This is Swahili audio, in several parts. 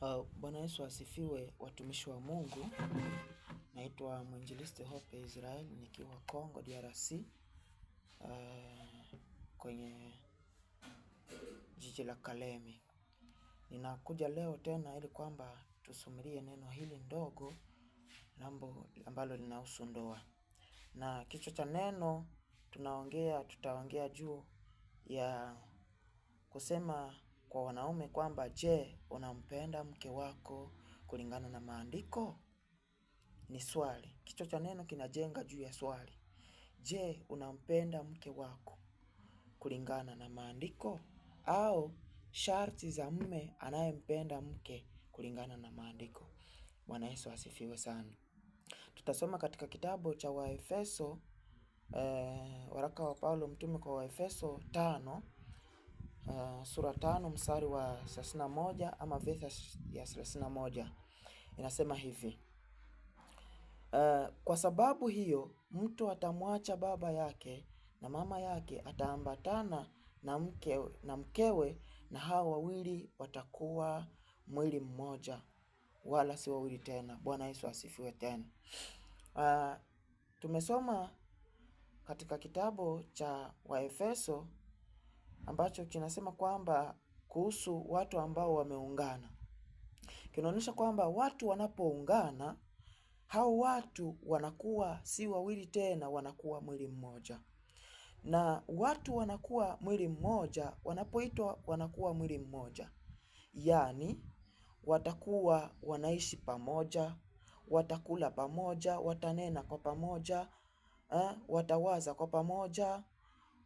Uh, Bwana Yesu asifiwe, watumishi wa Mungu. Naitwa Mwinjilisti Hope Israel nikiwa Congo DRC, uh, kwenye jiji la Kalemi. Ninakuja leo tena ili kwamba tusumirie neno hili ndogo lambo ambalo linahusu ndoa, na kichwa cha neno tunaongea tutaongea juu ya kusema kwa wanaume kwamba je, unampenda mke wako kulingana na maandiko? Ni swali. Kichwa cha neno kinajenga juu ya swali. Je, unampenda mke wako kulingana na maandiko au sharti za mme anayempenda mke kulingana na maandiko? Bwana Yesu asifiwe sana. Tutasoma katika kitabu cha Waefeso eh, waraka wa Paulo mtume kwa Waefeso tano uh, sura tano mstari wa 31 ama verse ya 31 inasema hivi uh, kwa sababu hiyo mtu atamwacha baba yake na mama yake, ataambatana na mkewe, na mkewe na hao wawili watakuwa mwili mmoja, wala si wawili tena. Bwana Yesu asifiwe tena. Uh, tumesoma katika kitabu cha Waefeso ambacho kinasema kwamba kuhusu watu ambao wameungana, kinaonyesha kwamba watu wanapoungana, hao watu wanakuwa si wawili tena, wanakuwa mwili mmoja na watu wanakuwa mwili mmoja wanapoitwa wanakuwa mwili mmoja, yaani watakuwa wanaishi pamoja, watakula pamoja, watanena kwa pamoja eh, watawaza kwa pamoja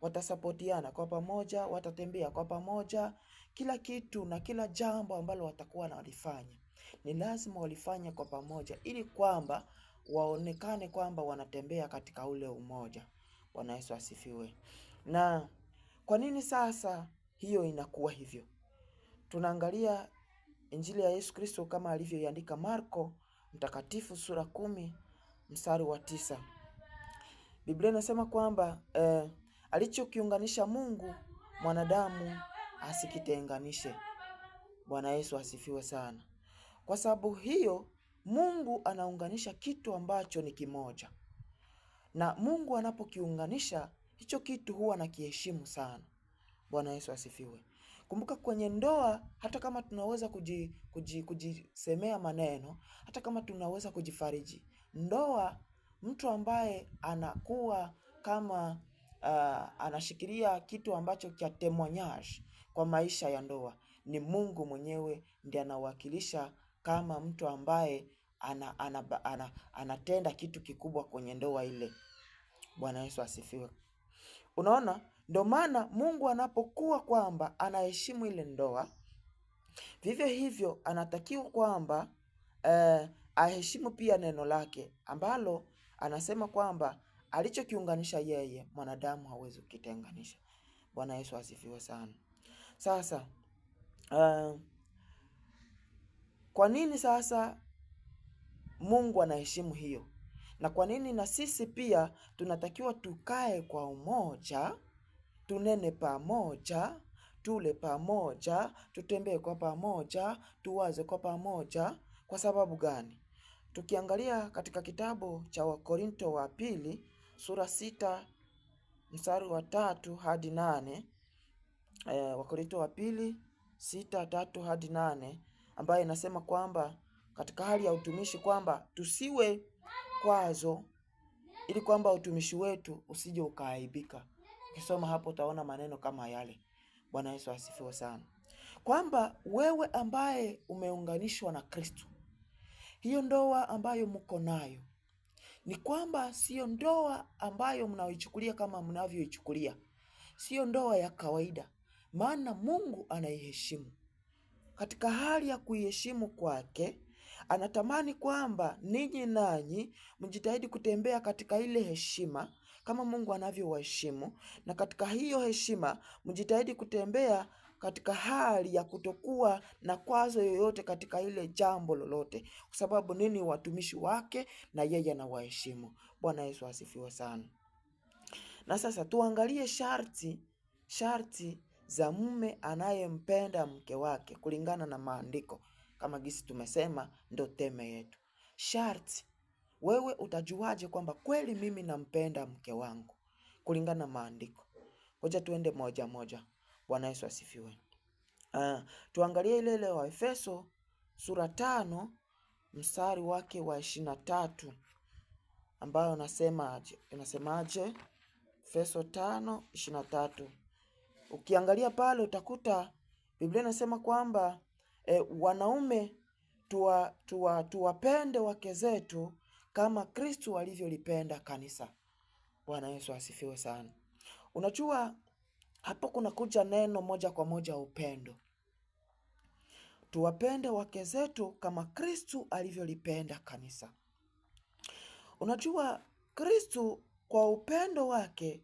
watasapotiana kwa pamoja, watatembea kwa pamoja, kila kitu na kila jambo ambalo watakuwa na walifanya ni lazima walifanye kwa pamoja, ili kwamba waonekane kwamba wanatembea katika ule umoja. Bwana Yesu asifiwe. Na kwa nini sasa hiyo inakuwa hivyo? Tunaangalia Injili ya Yesu Kristo kama alivyoiandika Marko mtakatifu sura kumi mstari wa tisa. Biblia inasema kwamba eh, alichokiunganisha Mungu mwanadamu asikitenganishe. Bwana Yesu asifiwe sana. Kwa sababu hiyo Mungu anaunganisha kitu ambacho ni kimoja, na Mungu anapokiunganisha hicho kitu huwa na kiheshimu sana. Bwana Yesu asifiwe. Kumbuka kwenye ndoa, hata kama tunaweza kuji, kuji, kujisemea maneno, hata kama tunaweza kujifariji, ndoa, mtu ambaye anakuwa kama uh, anashikilia kitu ambacho cha temoignage kwa maisha ya ndoa. Ni Mungu mwenyewe ndiye anawakilisha kama mtu ambaye ana, ana, ana, ana, anatenda kitu kikubwa kwenye ndoa ile. Bwana Yesu asifiwe. Unaona, ndio maana Mungu anapokuwa kwamba anaheshimu ile ndoa, vivyo hivyo anatakiwa kwamba eh, aheshimu pia neno lake ambalo anasema kwamba alichokiunganisha yeye mwanadamu hawezi kukitenganisha. Bwana Yesu asifiwe sana. Sasa uh, kwa nini sasa Mungu anaheshimu hiyo, na kwa nini na sisi pia tunatakiwa tukae kwa umoja, tunene pamoja, tule pamoja, tutembee kwa pamoja, tuwaze kwa pamoja? Kwa sababu gani? Tukiangalia katika kitabu cha Wakorinto wa pili sura sita mstari wa tatu hadi nane e, Wakorinto wa pili sita tatu hadi nane ambayo inasema kwamba katika hali ya utumishi kwamba tusiwe kwazo, ili kwamba utumishi wetu usije ukaaibika. Ukisoma hapo utaona maneno kama yale. Bwana Yesu asifiwe sana, kwamba wewe ambaye umeunganishwa na Kristo, hiyo ndoa ambayo mko nayo ni kwamba siyo ndoa ambayo mnaoichukulia kama mnavyoichukulia, siyo ndoa ya kawaida, maana Mungu anaiheshimu. Katika hali ya kuiheshimu kwake, anatamani kwamba ninyi nanyi mjitahidi kutembea katika ile heshima kama Mungu anavyowaheshimu, na katika hiyo heshima mjitahidi kutembea katika hali ya kutokuwa na kwazo yoyote katika ile jambo lolote, kwa sababu nini? Watumishi wake na yeye anawaheshimu. Bwana Yesu asifiwe sana. Na sasa tuangalie sharti sharti za mume anayempenda mke wake kulingana na maandiko, kama gisi tumesema ndo teme yetu. Sharti, wewe utajuaje kwamba kweli mimi nampenda mke wangu kulingana na maandiko? Ngoja tuende moja moja. Bwana Yesu asifiwe. Uh, tuangalie ile ile wa Efeso sura tano mstari wake wa ishirini na tatu ambayo unasemaje? Unasemaje? Efeso tano ishirini na tatu. Ukiangalia pale utakuta Biblia inasema kwamba e, wanaume tuwa, tuwa, tuwapende wake zetu kama Kristo alivyolipenda kanisa. Bwana Yesu asifiwe sana. Unajua hapo kunakuja neno moja kwa moja, upendo. Tuwapende wake zetu kama Kristu alivyolipenda kanisa. Unajua, Kristu kwa upendo wake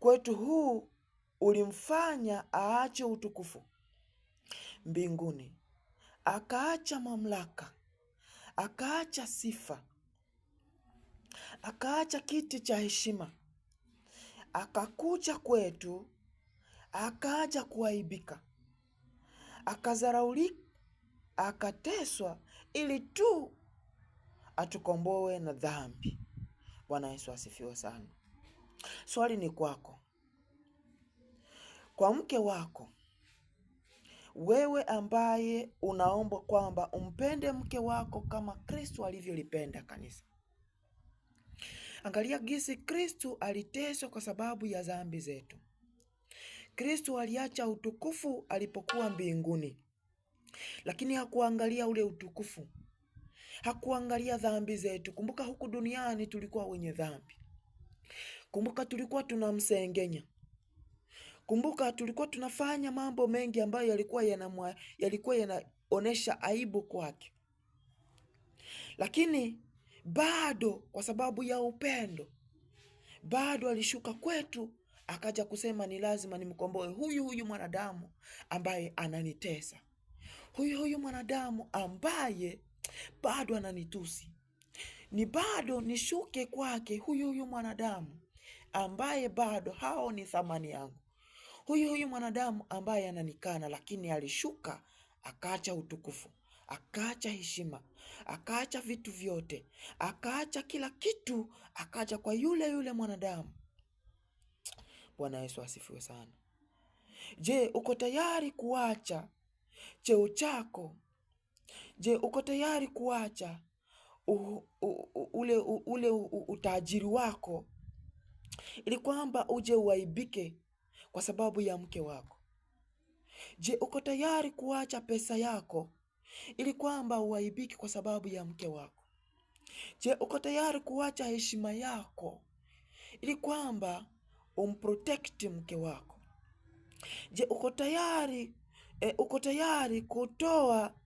kwetu huu ulimfanya aache utukufu mbinguni, akaacha mamlaka, akaacha sifa, akaacha kiti cha heshima akakucha kwetu, akaja kuaibika, akazaraulika, akateswa ili tu atukomboe na dhambi. Bwana Yesu asifiwe sana. Swali ni kwako, kwa mke wako, wewe ambaye unaomba kwamba umpende mke wako kama Kristo alivyolipenda kanisa. Angalia gisi Kristu aliteswa kwa sababu ya zambi zetu. Kristu aliacha utukufu alipokuwa mbinguni, lakini hakuangalia ule utukufu, hakuangalia dhambi zetu. Kumbuka huku duniani tulikuwa wenye dhambi. Kumbuka tulikuwa tunamsengenya. Kumbuka tulikuwa tunafanya mambo mengi ambayo yalikuwa yana yalikuwa yanaonesha aibu kwake, lakini bado kwa sababu ya upendo, bado alishuka kwetu akaja kusema ni lazima nimkomboe huyu huyu mwanadamu ambaye ananitesa, huyu huyu mwanadamu ambaye bado ananitusi, ni bado nishuke kwake huyu huyu mwanadamu ambaye bado hao ni thamani yangu, huyu huyu mwanadamu ambaye ananikana. Lakini alishuka akaacha utukufu, akaacha heshima akaacha vitu vyote, akaacha kila kitu, akaacha kwa yule yule mwanadamu. Bwana Yesu asifiwe sana. Je, uko tayari kuacha cheo chako? Je, uko tayari kuacha u, u, u, ule, u, ule u, utajiri wako ili kwamba uje uaibike kwa sababu ya mke wako? Je, uko tayari kuacha pesa yako ili kwamba uaibiki kwa sababu ya mke wako? Je, uko tayari kuacha heshima yako ili kwamba umprotect mke wako? Je, uko tayari e, uko tayari kutoa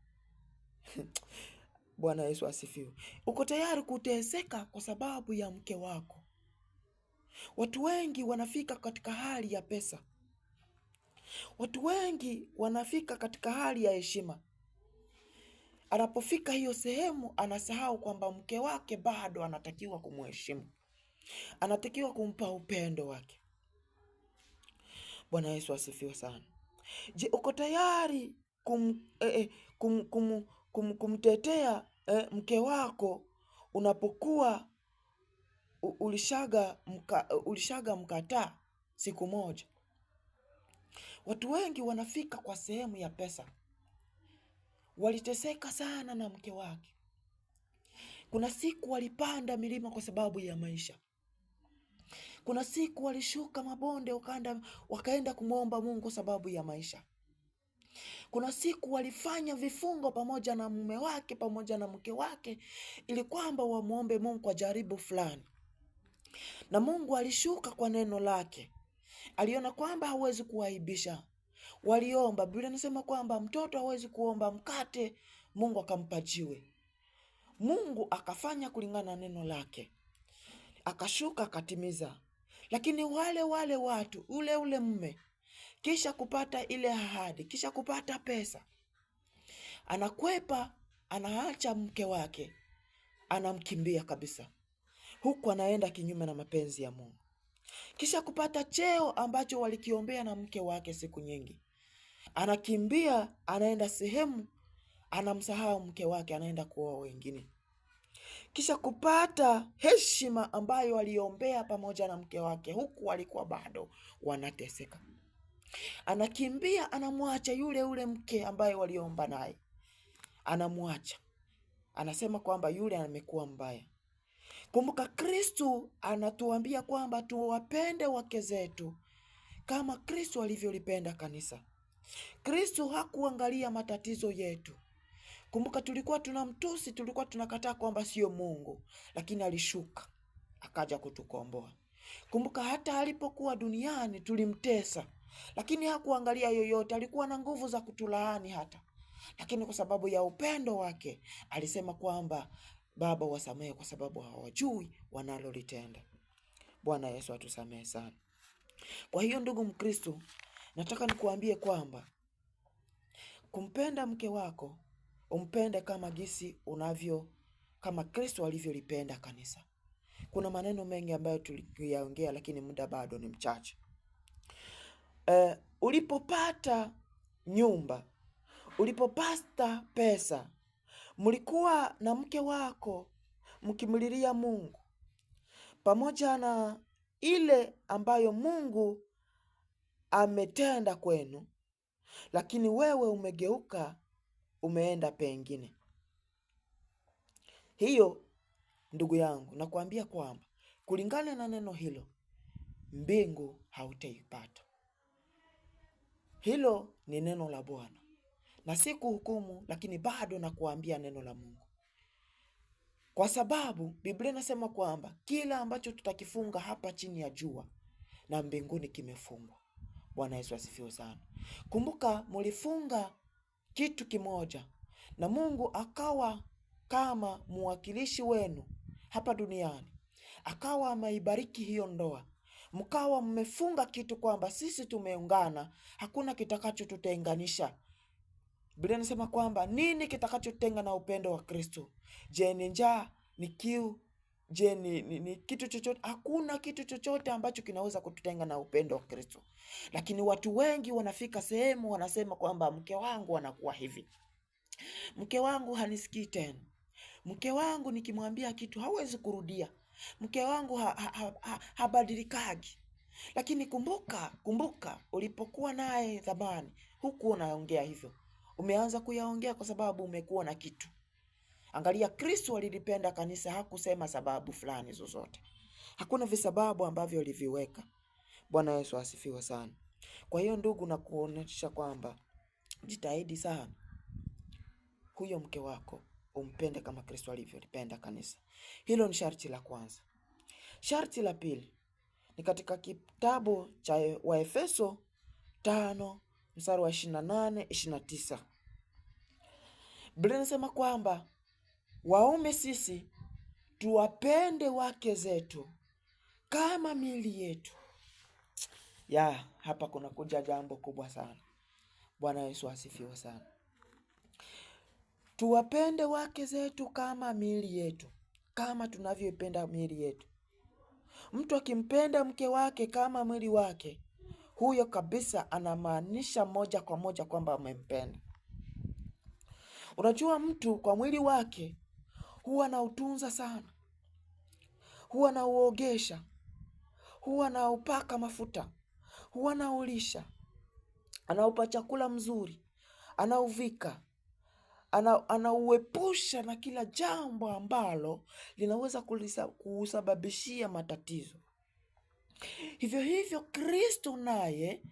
Bwana Yesu asifiwe. Uko tayari kuteseka kwa sababu ya mke wako? Watu wengi wanafika katika hali ya pesa, watu wengi wanafika katika hali ya heshima, Anapofika hiyo sehemu, anasahau kwamba mke wake bado anatakiwa kumheshimu, anatakiwa kumpa upendo wake. Bwana Yesu asifiwe sana. Je, uko tayari kum, eh, eh kum, kum, kum, kumtetea eh, mke wako unapokuwa ulishaga mka, ulishaga mkataa siku moja? Watu wengi wanafika kwa sehemu ya pesa waliteseka sana na mke wake. Kuna siku walipanda milima kwa sababu ya maisha. Kuna siku walishuka mabonde wakaenda, wakaenda kumwomba Mungu kwa sababu ya maisha. Kuna siku walifanya vifungo pamoja na mume wake pamoja na mke wake, ili kwamba wamwombe Mungu kwa jaribu fulani, na Mungu alishuka kwa neno lake. Aliona kwamba hawezi kuwaibisha, waliomba. Biblia inasema kwamba mtoto hawezi kuomba mkate Mungu akampa jiwe. Mungu akafanya kulingana na neno lake, akashuka akatimiza. Lakini wale wale watu, ule ule mme, kisha kupata ile ahadi, kisha kupata pesa, anakwepa, anaacha mke wake, anamkimbia kabisa, huku anaenda kinyume na mapenzi ya Mungu. Kisha kupata cheo ambacho walikiombea na mke wake siku nyingi, Anakimbia, anaenda sehemu, anamsahau mke wake, anaenda kuoa wengine, kisha kupata heshima ambayo aliombea pamoja na mke wake, huku walikuwa bado wanateseka. Anakimbia, anamwacha yule yule mke ambaye waliomba naye, anamwacha, anasema kwamba yule amekuwa mbaya. Kumbuka, Kristu anatuambia kwamba tuwapende wake zetu kama Kristu alivyolipenda kanisa. Kristo hakuangalia matatizo yetu. Kumbuka, tulikuwa tuna mtusi tulikuwa tunakataa kwamba sio Mungu, lakini alishuka akaja kutukomboa. Kumbuka, hata alipokuwa duniani tulimtesa, lakini hakuangalia yoyote. Alikuwa na nguvu za kutulaani hata, lakini kwa sababu ya upendo wake alisema kwamba Baba, wasamehe kwa sababu hawajui wanalolitenda. Bwana Yesu atusamehe sana. Kwa hiyo ndugu Mkristo, Nataka nikuambie kwamba kumpenda mke wako umpende kama gisi unavyo kama Kristo alivyolipenda kanisa. Kuna maneno mengi ambayo tuliyaongea, lakini muda bado ni mchache. Uh, ulipopata nyumba, ulipopata pesa, mlikuwa na mke wako mkimlilia Mungu pamoja na ile ambayo Mungu ametenda kwenu, lakini wewe umegeuka, umeenda pengine. Hiyo ndugu yangu, nakwambia kwamba kulingana na neno hilo mbingu hautaipata. Hilo ni neno la Bwana na si kuhukumu, lakini bado nakuambia neno la Mungu, kwa sababu Biblia inasema kwamba kila ambacho tutakifunga hapa chini ya jua na mbinguni kimefungwa. Bwana Yesu asifiwe sana. Kumbuka mulifunga kitu kimoja na Mungu akawa kama mwakilishi wenu hapa duniani, akawa ameibariki hiyo ndoa, mkawa mmefunga kitu kwamba sisi tumeungana, hakuna kitakachotutenganisha. Biblia inasema kwamba nini kitakachotenga na upendo wa Kristo? Je, ni njaa, ni kiu, Je, ni, ni, ni kitu chochote? Hakuna kitu chochote ambacho kinaweza kututenga na upendo wa Kristo. Lakini watu wengi wanafika sehemu wanasema kwamba mke wangu anakuwa hivi, mke wangu hanisikii tena, mke wangu nikimwambia kitu hawezi kurudia, mke wangu ha, ha, ha, habadilikaji. Lakini kumbuka, kumbuka ulipokuwa naye zamani huku unaongea hivyo, umeanza kuyaongea kwa sababu umekuwa na kitu Angalia, Kristo alilipenda kanisa, hakusema sababu fulani zozote, hakuna visababu ambavyo aliviweka. Bwana Yesu asifiwe sana. Kwa hiyo ndugu, na kuonesha kwamba jitahidi sana huyo mke wako umpende kama Kristo alivyolipenda kanisa. Hilo ni sharti la kwanza. Sharti la pili ni katika kitabu cha Waefeso tano mstari wa 28 29 Biblia inasema kwamba Waume sisi tuwapende wake zetu kama mili yetu. Ya hapa kuna kuja jambo kubwa sana. Bwana Yesu asifiwe sana. Tuwapende wake zetu kama mili yetu, kama tunavyoipenda mili yetu. Mtu akimpenda mke wake kama mwili wake, huyo kabisa anamaanisha moja kwa moja kwamba amempenda. Unajua, mtu kwa mwili wake huwa nautunza sana, huwa nauogesha, huwa naupaka mafuta, huwa naulisha, anaupa chakula mzuri, anauvika anauepusha ana na kila jambo ambalo linaweza kuusababishia matatizo. Hivyo hivyo Kristo naye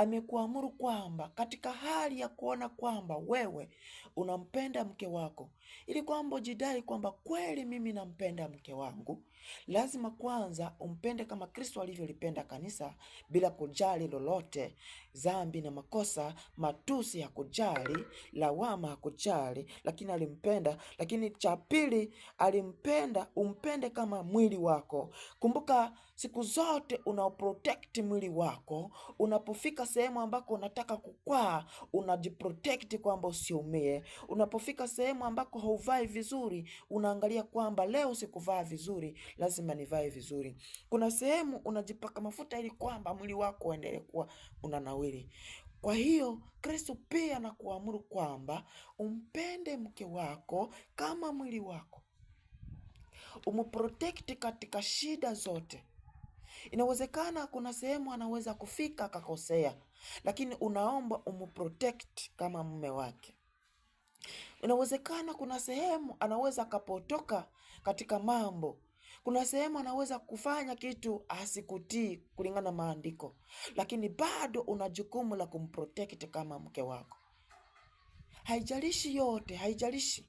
amekuamuru kwamba katika hali ya kuona kwamba wewe unampenda mke wako, ili kwamba ujidai kwamba kweli mimi nampenda mke wangu, lazima kwanza umpende kama Kristo alivyolipenda kanisa bila kujali lolote dhambi na makosa, matusi hakujali, lawama hakujali, lakini alimpenda. Lakini cha pili, alimpenda. Umpende kama mwili wako. Kumbuka siku zote unaoprotect mwili wako, unapofika sehemu ambako unataka kukwaa, unajiprotect kwamba usiumie. Unapofika sehemu ambako hauvai vizuri, unaangalia kwamba leo sikuvaa vizuri, lazima nivae vizuri. Kuna sehemu unajipaka mafuta ili kwamba mwili wako uendelee kuwa unana wawili. Kwa hiyo Kristo pia anakuamuru kwamba umpende mke wako kama mwili wako, umprotekti katika shida zote. Inawezekana kuna sehemu anaweza kufika akakosea, lakini unaomba umprotekti kama mume wake. Inawezekana kuna sehemu anaweza akapotoka katika mambo kuna sehemu anaweza kufanya kitu asikutii kulingana na maandiko, lakini bado una jukumu la kumprotect kama mke wako. Haijalishi yote, haijalishi.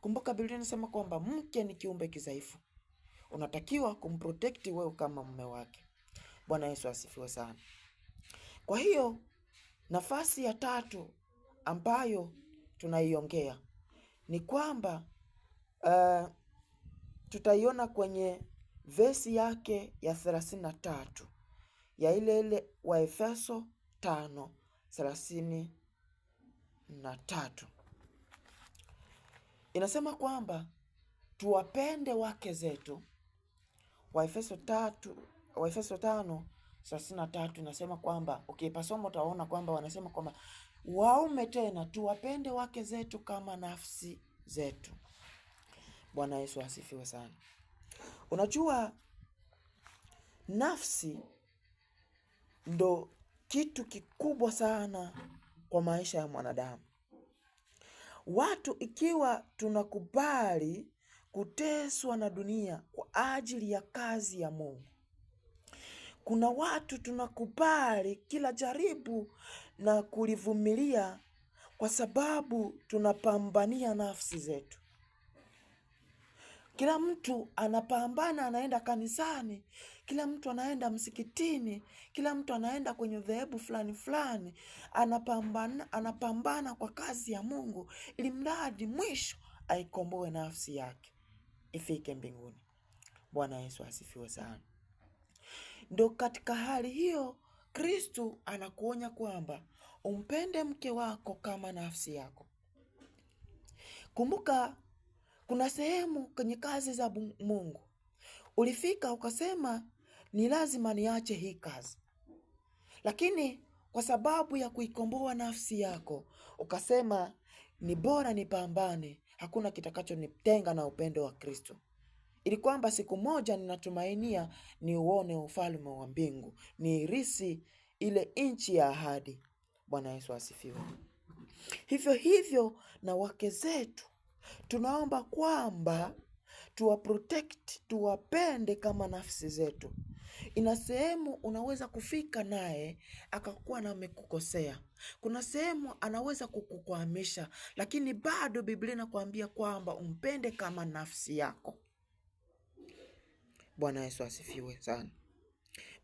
Kumbuka Biblia inasema kwamba mke ni kiumbe kidhaifu, unatakiwa kumprotect wewe kama mume wake. Bwana Yesu asifiwe sana. Kwa hiyo nafasi ya tatu ambayo tunaiongea ni kwamba uh, tutaiona kwenye vesi yake ya thelathini na tatu ya ile ile Waefeso tano thelathini na tatu inasema kwamba tuwapende wake zetu. Waefeso tatu Waefeso tano thelathini na tatu inasema kwamba ukipasomo okay, utaona kwamba wanasema kwamba waume tena tuwapende wake zetu kama nafsi zetu. Bwana Yesu asifiwe sana. Unajua nafsi ndo kitu kikubwa sana kwa maisha ya mwanadamu. Watu ikiwa tunakubali kuteswa na dunia kwa ajili ya kazi ya Mungu, kuna watu tunakubali kila jaribu na kulivumilia kwa sababu tunapambania nafsi zetu. Kila mtu anapambana, anaenda kanisani, kila mtu anaenda msikitini, kila mtu anaenda kwenye dhehebu fulani fulani, anapambana, anapambana kwa kazi ya Mungu ili mradi mwisho aikomboe nafsi yake ifike mbinguni. Bwana Yesu asifiwe sana. Ndo katika hali hiyo Kristu anakuonya kwamba umpende mke wako kama nafsi yako. Kumbuka kuna sehemu kwenye kazi za Mungu ulifika ukasema ni lazima niache hii kazi, lakini kwa sababu ya kuikomboa nafsi yako ukasema ni bora nipambane, hakuna kitakachonitenga na upendo wa Kristo, ili kwamba siku moja ninatumainia niuone ufalme wa mbingu, niirisi ile nchi ya ahadi. Bwana Yesu asifiwe. Hivyo hivyo na wake zetu Tunaomba kwamba protect, tuwapende kama nafsi zetu. Ina sehemu unaweza kufika naye akakuwa na amekukosea, kuna sehemu anaweza kukukwamisha, lakini bado Biblia inakuambia kwamba umpende kama nafsi yako. Bwana Yesu asifiwe sana.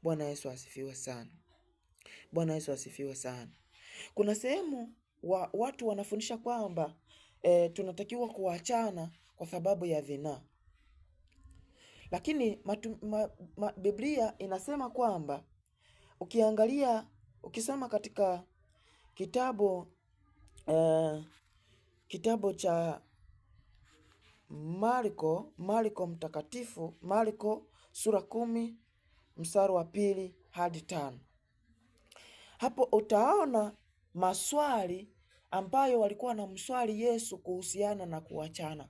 Bwana Yesu asifiwe sana. Bwana Yesu asifiwe sana. Kuna sehemu wa, watu wanafundisha kwamba e, tunatakiwa kuachana kwa sababu ya zinaa. Lakini matu, ma, ma, Biblia inasema kwamba ukiangalia ukisoma katika kitabu e, kitabu cha Marko Marko mtakatifu Marko sura kumi mstari wa pili hadi tano hapo utaona maswali ambayo walikuwa wanamswali Yesu kuhusiana na kuachana.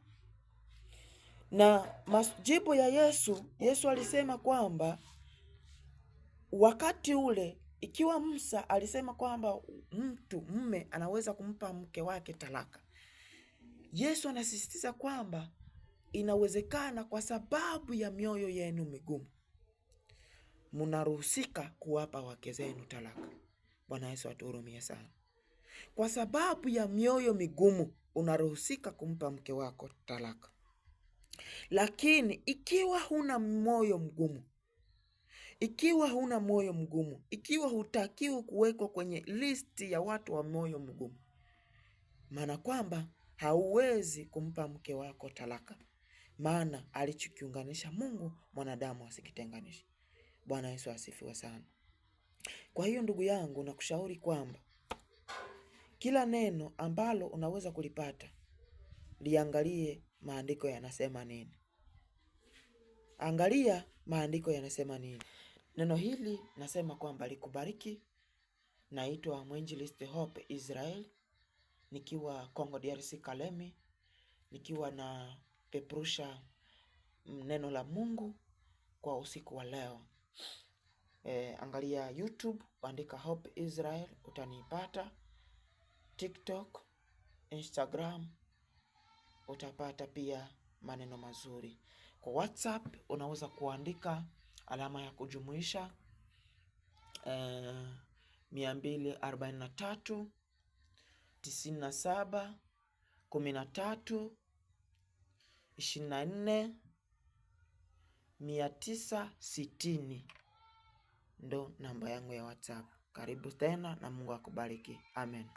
Na majibu ya Yesu, Yesu alisema kwamba wakati ule ikiwa Musa alisema kwamba mtu mme anaweza kumpa mke wake talaka, Yesu anasisitiza kwamba inawezekana kwa sababu ya mioyo yenu migumu, munaruhusika kuwapa wake zenu talaka. Bwana Yesu atuhurumie sana. Kwa sababu ya mioyo migumu, unaruhusika kumpa mke wako talaka. Lakini ikiwa huna moyo mgumu, ikiwa huna moyo mgumu, ikiwa hutakiwi kuwekwa kwenye listi ya watu wa moyo mgumu, maana kwamba hauwezi kumpa mke wako talaka, maana alichokiunganisha Mungu mwanadamu asikitenganishe. Bwana Yesu asifiwe sana. Kwa hiyo ndugu yangu, nakushauri kwamba kila neno ambalo unaweza kulipata liangalie maandiko yanasema nini. Angalia maandiko yanasema nini. Neno hili nasema kwamba likubariki. Naitwa Mwinjilisti Hope Israel nikiwa Congo DRC Kalemi, nikiwa na peprusha neno la Mungu kwa usiku wa leo. E, angalia YouTube, andika Hope Israel, utaniipata. TikTok, Instagram utapata pia maneno mazuri. Kwa WhatsApp unaweza kuandika alama ya kujumuisha eh, mia mbili arobaini na tatu tisini na saba kumi na tatu ishirini na nne mia tisa sitini ndo namba yangu ya WhatsApp. Karibu tena na Mungu akubariki. Amen.